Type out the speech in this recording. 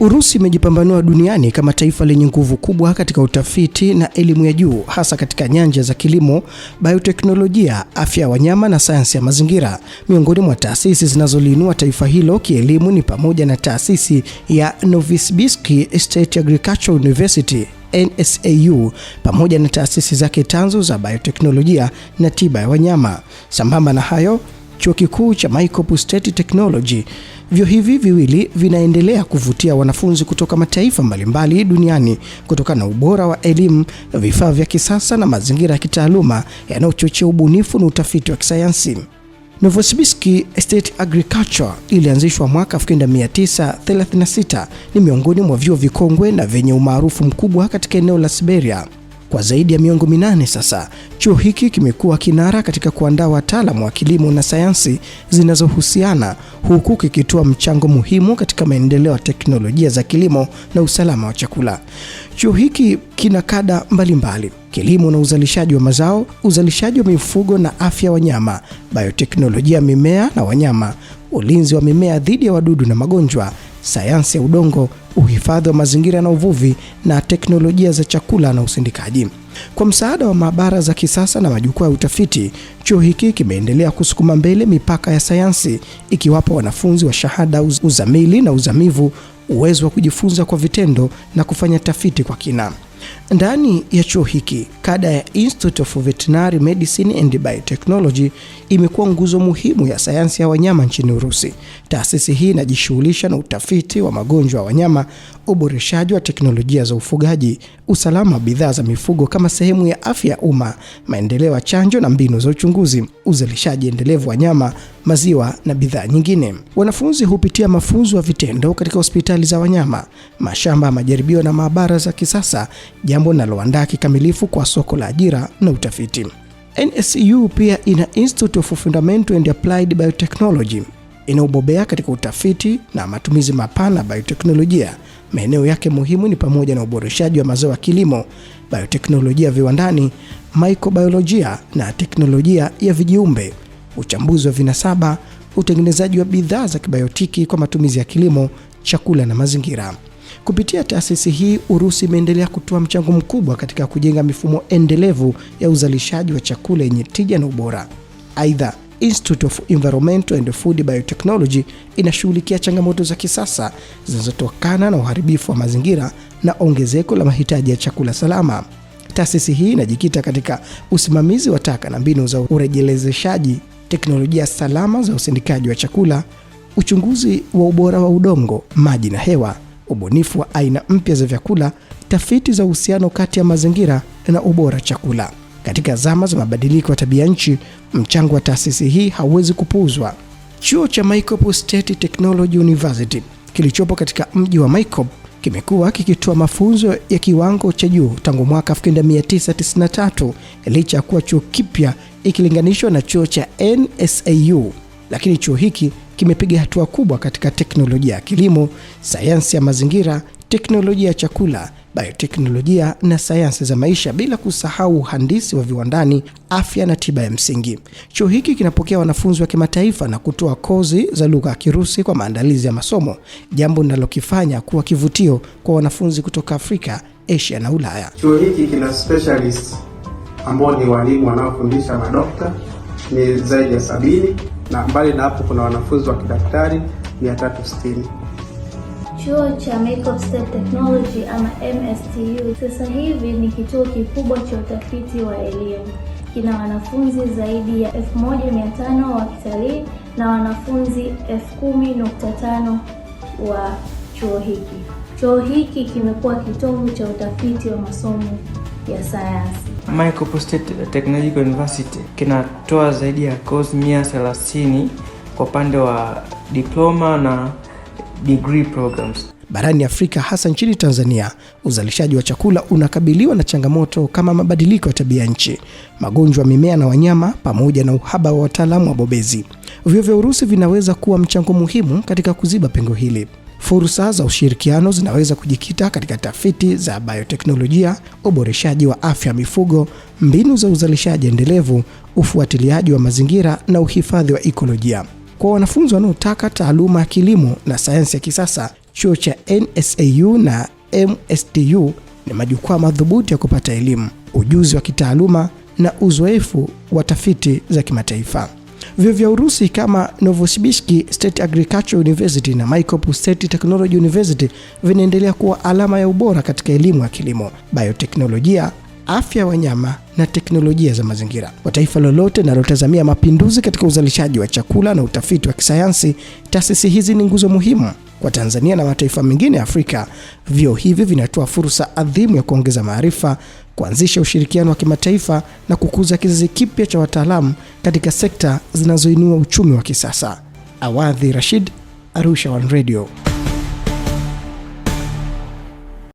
Urusi imejipambanua duniani kama taifa lenye nguvu kubwa katika utafiti na elimu ya juu hasa katika nyanja za kilimo, bioteknolojia, afya ya wanyama na sayansi ya mazingira. Miongoni mwa taasisi zinazoliinua taifa hilo kielimu ni pamoja na taasisi ya Novosibirsk State Agricultural University NSAU pamoja na taasisi zake tanzu za bioteknolojia na tiba ya wanyama. Sambamba na hayo, chuo kikuu cha Microbe State Technology. Vyuo hivi viwili vinaendelea kuvutia wanafunzi kutoka mataifa mbalimbali duniani kutokana na ubora wa elimu, vifaa vya kisasa na mazingira ya kitaaluma yanayochochea ubunifu na utafiti wa kisayansi. Novosibirsk State Agriculture ilianzishwa mwaka 1936. Ni miongoni mwa vyuo vikongwe na vyenye umaarufu mkubwa katika eneo la Siberia. Kwa zaidi ya miongo minane sasa, chuo hiki kimekuwa kinara katika kuandaa wataalamu wa kilimo na sayansi zinazohusiana, huku kikitoa mchango muhimu katika maendeleo ya teknolojia za kilimo na usalama wa chakula. Chuo hiki kina kada mbalimbali: kilimo na uzalishaji wa mazao, uzalishaji wa mifugo na afya wanyama, bioteknolojia mimea na wanyama, ulinzi wa mimea dhidi ya wadudu na magonjwa, sayansi ya udongo, uhifadhi wa mazingira na uvuvi, na teknolojia za chakula na usindikaji. Kwa msaada wa maabara za kisasa na majukwaa ya utafiti, chuo hiki kimeendelea kusukuma mbele mipaka ya sayansi, ikiwapo wanafunzi wa shahada uzamili na uzamivu uwezo wa kujifunza kwa vitendo na kufanya tafiti kwa kina. Ndani ya chuo hiki kada ya Institute of Veterinary Medicine and Biotechnology imekuwa nguzo muhimu ya sayansi ya wanyama nchini Urusi. Taasisi hii inajishughulisha na utafiti wa magonjwa ya wanyama, uboreshaji wa teknolojia za ufugaji, usalama wa bidhaa za mifugo kama sehemu ya afya ya umma, maendeleo ya chanjo na mbinu za uchunguzi, uzalishaji endelevu wa nyama, maziwa na bidhaa nyingine. Wanafunzi hupitia mafunzo ya vitendo katika hospitali za wanyama, mashamba ya majaribio na maabara za kisasa jambo linaloandaa kikamilifu kwa soko la ajira na utafiti. NSU pia ina Institute of Fundamental and Applied Biotechnology inaobobea katika utafiti na matumizi mapana bioteknolojia. Maeneo yake muhimu ni pamoja na uboreshaji wa mazao ya kilimo, bioteknolojia viwandani, mikrobiolojia na teknolojia ya vijiumbe, uchambuzi wa vinasaba, utengenezaji wa bidhaa za kibayotiki kwa matumizi ya kilimo, chakula na mazingira. Kupitia taasisi hii, Urusi imeendelea kutoa mchango mkubwa katika kujenga mifumo endelevu ya uzalishaji wa chakula yenye tija na ubora. Aidha, Institute of Environmental and Food Biotechnology inashughulikia changamoto za kisasa zinazotokana na uharibifu wa mazingira na ongezeko la mahitaji ya chakula salama. Taasisi hii inajikita katika usimamizi wa taka na mbinu za urejelezeshaji, teknolojia salama za usindikaji wa chakula, uchunguzi wa ubora wa udongo, maji na hewa ubunifu wa aina mpya za vyakula, tafiti za uhusiano kati ya mazingira na ubora chakula. Katika zama za mabadiliko ya tabia nchi, mchango wa taasisi hii hauwezi kupuuzwa. Chuo cha Microbe State Technology University kilichopo katika mji wa Microbe kimekuwa kikitoa mafunzo ya kiwango cha juu tangu mwaka 1993 licha ya kuwa chuo kipya ikilinganishwa na chuo cha NSAU lakini chuo hiki kimepiga hatua kubwa katika teknolojia ya kilimo, sayansi ya mazingira, teknolojia ya chakula, bioteknolojia na sayansi za maisha, bila kusahau uhandisi wa viwandani, afya na tiba ya msingi. Chuo hiki kinapokea wanafunzi wa kimataifa na kutoa kozi za lugha ya Kirusi kwa maandalizi ya masomo, jambo linalokifanya kuwa kivutio kwa wanafunzi kutoka Afrika, Asia na Ulaya. Chuo hiki kina specialist ambao ni walimu wanaofundisha madokta ni zaidi ya sabini na mbali na hapo kuna wanafunzi wa kidaktari 360. Chuo cha Makeup State Technology ama MSTU sasa hivi ni kituo kikubwa cha utafiti wa elimu. Kina wanafunzi zaidi ya 1500 wa kitalii na wanafunzi 10.5 wa chuo hiki. Chuo hiki kimekuwa kitovu cha utafiti wa masomo ya sayansi. Michael State Technological University kinatoa zaidi ya course 130 kwa upande wa diploma na degree programs. Barani Afrika hasa nchini Tanzania, uzalishaji wa chakula unakabiliwa na changamoto kama mabadiliko ya tabia nchi, magonjwa ya mimea na wanyama, pamoja na uhaba wa wataalamu wabobezi. Vyuo vya Urusi vinaweza kuwa mchango muhimu katika kuziba pengo hili. Fursa za ushirikiano zinaweza kujikita katika tafiti za bioteknolojia, uboreshaji wa afya mifugo, mbinu za uzalishaji endelevu, ufuatiliaji wa mazingira na uhifadhi wa ikolojia. Kwa wanafunzi wanaotaka taaluma ya kilimo na sayansi ya kisasa, chuo cha NSAU na MSTU ni majukwaa madhubuti ya kupata elimu, ujuzi wa kitaaluma na uzoefu wa tafiti za kimataifa. Vyuo vya Urusi kama Novosibirsk State Agricultural University na Moscow State Technology University vinaendelea kuwa alama ya ubora katika elimu ya kilimo, biotechnology afya ya wanyama na teknolojia za mazingira. Kwa taifa lolote linalotazamia mapinduzi katika uzalishaji wa chakula na utafiti wa kisayansi, taasisi hizi ni nguzo muhimu. Kwa Tanzania na mataifa mengine ya Afrika, vyuo hivi vinatoa fursa adhimu ya kuongeza maarifa, kuanzisha ushirikiano wa kimataifa na kukuza kizazi kipya cha wataalamu katika sekta zinazoinua uchumi wa kisasa. Awadhi Rashid, Arusha One Radio.